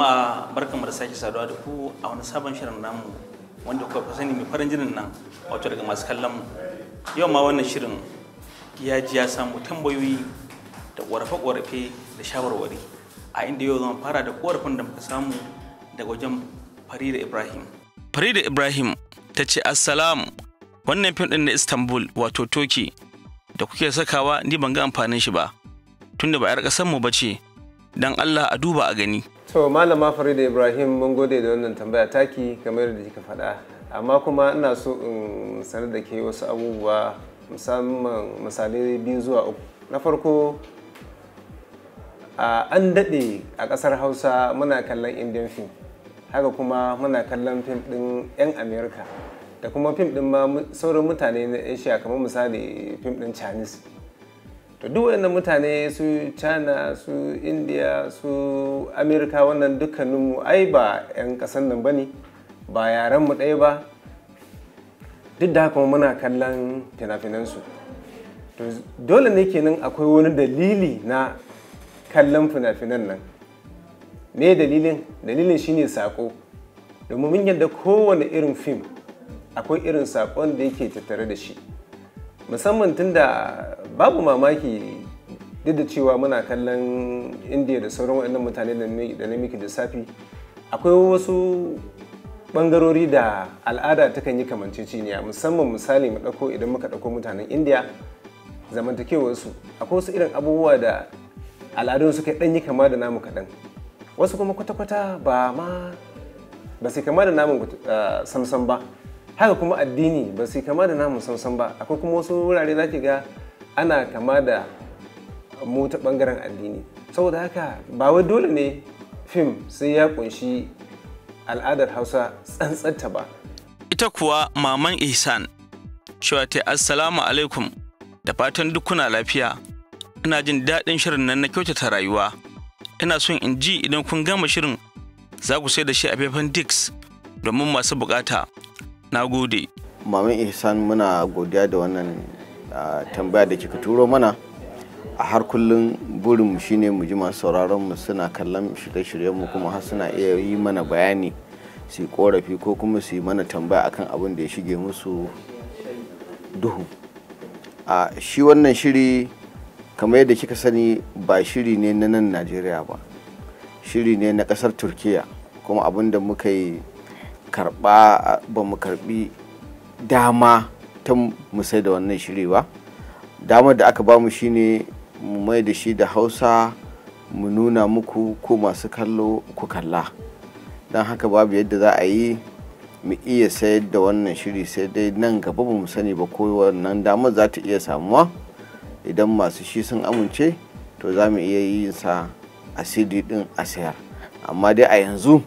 jama'a barkanmu da sake saduwa da ku a wani sabon shirin namu wanda kuka fi sani mai farin jinin nan wato daga masu kallon mu yau ma wannan shirin ya ji ya samu tambayoyi da ƙorafe-ƙorafe da shawarwari a inda yau zan fara da ƙorafin da muka samu daga wajen Farida Ibrahim. Farida Ibrahim ta ce Assalam wannan fim ɗin na Istanbul wato Toki da kuke sakawa ni ban ga amfanin shi ba tunda ba 'yar ƙasar mu ba ce dan Allah a duba a gani to malama farida ibrahim mun gode da wannan tambaya taki kamar da kika faɗa amma kuma ina so in sanar da ke wasu abubuwa musamman misalai biyu zuwa uku na farko an daɗe a ƙasar hausa muna kallon indian film haka kuma muna kallon fim ɗin 'yan amerika da kuma fim ɗin ma sauran mutane na asia kamar misali fim ɗin chinese to duk waɗannan mutane su china su india su amerika wannan dukkaninmu ai ba 'yan kasan nan ba ne ba yarenmu ɗaya ba duk da haka muna kallon fina-finansu to dole ne kenan akwai wani dalili na kallon fina-finan nan me dalilin dalilin shine sako domin mun yadda kowane irin fim akwai irin sakon da yake tattare da shi musamman tun da babu mamaki duk da cewa muna kallon indiya da sauran waɗannan mutane da na miki lissafi akwai wasu bangarori da al'ada ta kan yi kamanceceniya musamman misali mu ɗauko idan muka ɗauko mutanen indiya zamantakewarsu akwai wasu irin abubuwa da al'adun suka ɗan yi kama da namu kaɗan wasu kuma kwata-kwata ba ma ba sai kama da namun ah, samsam ba haka kuma addini ba sai kama da namun samsam ba akwai kuma wasu wurare za ki ga ana kama da mu ta bangaren addini saboda haka ba wai dole ne fim sai ya kunshi al'adar hausa tsantsanta ba ita kuwa maman ihsan cewa ta assalamu alaikum da fatan dukkuna lafiya ina jin daɗin shirin nan na kyautata rayuwa ina son in ji idan kun gama shirin za ku sai da shi a faifan dix domin masu bukata na gode maman ihsan muna godiya da wannan tambaya da kika turo mana a har kullum burinmu shine mu ji masu sauraron mu suna kallon shirye-shiryen mu kuma har suna iya yi mana bayani su korafi ko kuma su yi mana tambaya akan abin da ya shige musu duhu a shi wannan shiri kamar yadda kika sani ba shiri ne na nan najeriya ba shiri ne na kasar turkiya kuma abin da muka yi karba ba mu karbi dama ta mu sai da wannan shiri ba damar da aka ba bamu shine mu mai da shi da hausa mu nuna muku ko masu kallo ku kalla don haka babu yadda za a yi mu iya sayar da wannan shiri sai dai nan gaba ba mu sani ba ko wannan damar za ta iya samuwa idan masu shi sun amince to za mu iya yin sa a cd din a sayar amma dai a yanzu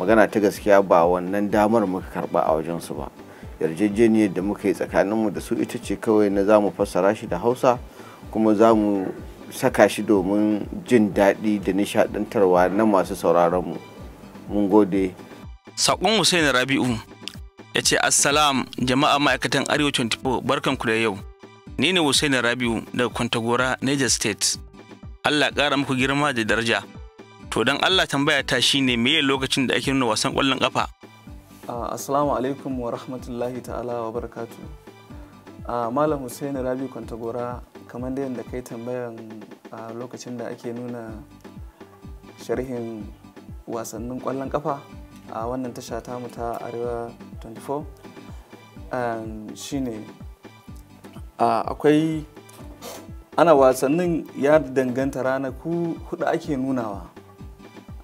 magana ta gaskiya ba wannan damar muka karba a wajen su ba yarjejeniyar da muka yi tsakaninmu da su ita ce kawai na zamu mu fassara shi da hausa kuma za mu saka shi domin jin daɗi da nishaɗantarwa na masu sauraronmu mun gode saƙon hussein rabi'u ya ce assalam jama'a ma'aikatan arewa 24 ku da yau ni ne hussein rabi'u daga kwantagora niger state allah ƙara muku girma da daraja to don allah tambaya ta shine meye lokacin da ake nuna wasan ƙwallon ƙafa Ah, assalamu alaikum wa rahmatullahi ta'ala wa barakatu. Ah, Malam Hussein Rabi Kwantagora kamar da yadda kai tambayan ah, lokacin da ake nuna sharhin wasannin kwallon kafa a wannan tasha tamu ta Arewa 24 ne, akwai ana wasannin ya danganta ranaku hudu ake nunawa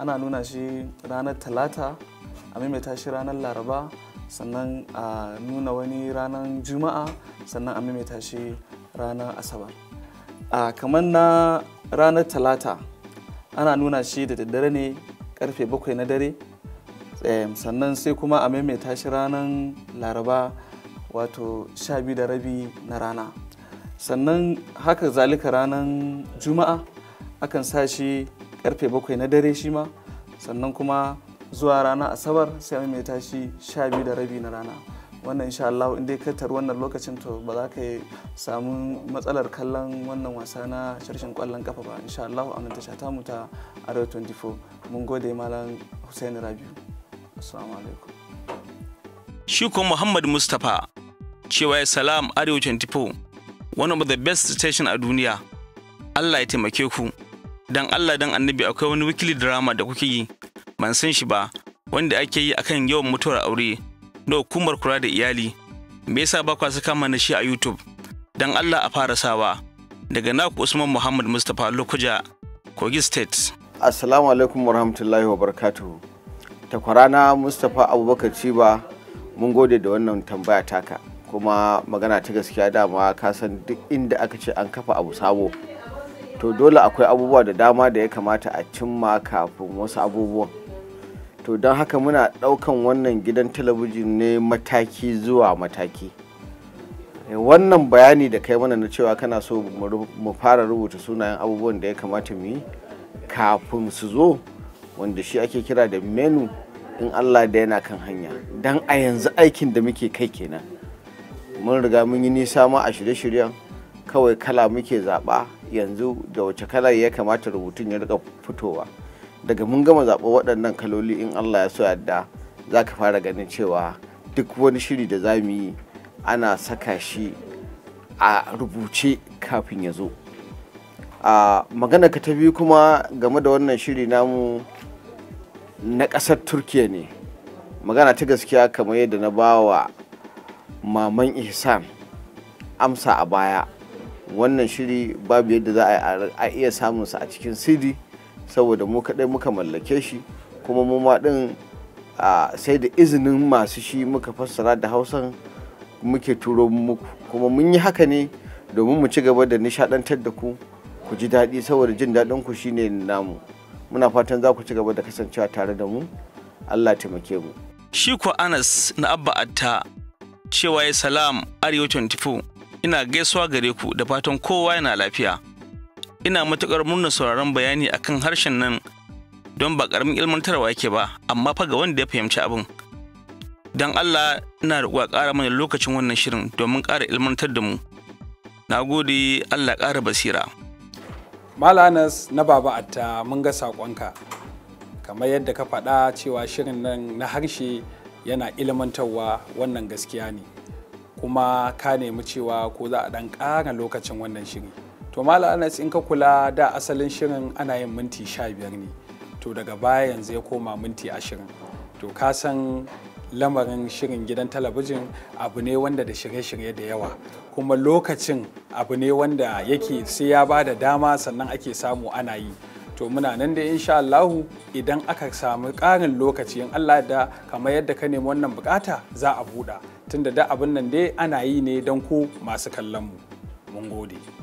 ana nuna shi ranar talata a maimaita shi ranar laraba sannan a nuna wani ranar juma'a sannan a maimaita shi ranar asabar a kamar na ranar talata ana nuna shi da daddare ne karfe bakwai na dare sannan sai kuma a maimaita shi ranar laraba wato sha biyu da rabi na rana sannan haka zalika ranar juma'a akan sa shi karfe bakwai na dare shi ma sannan kuma zuwa rana asabar sai mai tashi sha biyu da rabi na rana wannan insha Allah in dai ka tar wannan lokacin to ba za ka samu matsalar kallon wannan wasa na sharshen kwallon kafa ba insha Allah a ta tasha tamu ta Arewa 24 mun gode malam Hussein Rabiu assalamu alaikum shi ko Muhammad mustafa cewa ya salam Arewa 24 one of the best station a duniya Allah ya taimake ku dan Allah dan annabi akwai wani weekly drama da kuke yi ban san shi ba wanda ake yi akan yawan mutuwar aure da hukumar kula da iyali me yasa ba kwa saka mana shi a YouTube dan Allah a fara sawa daga naku Usman Muhammad Mustapha Lokuja Kogi State Assalamu alaikum warahmatullahi wabarakatuh kwarana Mustapha Abubakar Ciba mun gode da wannan tambaya taka kuma magana ta gaskiya dama ka san duk inda aka ce an kafa abu sabo to dole akwai abubuwa da dama da ya kamata a cimma kafin wasu abubuwan to don haka muna ɗaukan wannan gidan talabijin ne mataki zuwa mataki eh, wannan bayani da kai mana na cewa kana so mu fara rubuta sunayen abubuwan da ya kamata mu yi kafin su zo wanda shi ake kira da menu in allah da yana kan hanya don a yanzu aikin da muke kai kenan mun riga mun yi nisa ma a shirye-shiryen kawai kala muke zaɓa yanzu da wace kala ya kamata rubutun ya rika fitowa daga mun gama zaɓo waɗannan kaloli in allah ya so yadda za ka fara ganin cewa duk wani shiri da za mu yi ana saka shi a rubuce kafin ya zo a magana ka ta biyu kuma game da wannan shiri namu na ƙasar turkiya ne magana ta gaskiya kamar yadda na ba wa maman ihsan amsa a baya wannan shiri babu yadda za a iya samunsa a cikin siri saboda mu kaɗai muka mallake shi kuma mu ma ɗin sai da izinin masu shi muka fassara da hausan muke turo muku kuma mun yi haka ne domin mu ci gaba da nishaɗantar da ku ku ji daɗi saboda jin daɗin ku shine namu muna fatan za ku ci gaba da kasancewa tare da mu Allah taimake mu shi ko Anas na Abba Atta cewa ya salam Arewa 24 ina gaisuwa gare ku da fatan kowa yana lafiya ina matuƙar murna sauraron bayani akan harshen nan don ba ƙaramin ilmantarwa yake ba amma fa ga wanda ya fahimci abin don Allah ina roƙa ƙara mana lokacin wannan shirin domin ƙara ilmantar da mu na gode Allah ƙara basira malanas na baba atta mun ga saƙonka kamar yadda ka faɗa cewa shirin nan na harshe yana ilmantarwa wannan gaskiya ne kuma ka nemi cewa ko za a ɗan ƙara lokacin wannan shirin. to mala anas in ka kula da asalin shirin ana yin minti sha biyar ne to daga baya yanzu ya koma minti ashirin to ka san lamarin shirin gidan talabijin abu ne wanda da shirye-shirye da yawa kuma lokacin abu ne wanda yake sai ya ba da dama sannan ake samu ana yi to muna nan da insha Allahu idan aka samu ƙarin lokaci in Allah da kamar yadda ka nemi wannan bukata za a buɗa tunda da abin nan dai ana yi ne don ku masu kallon mu mun gode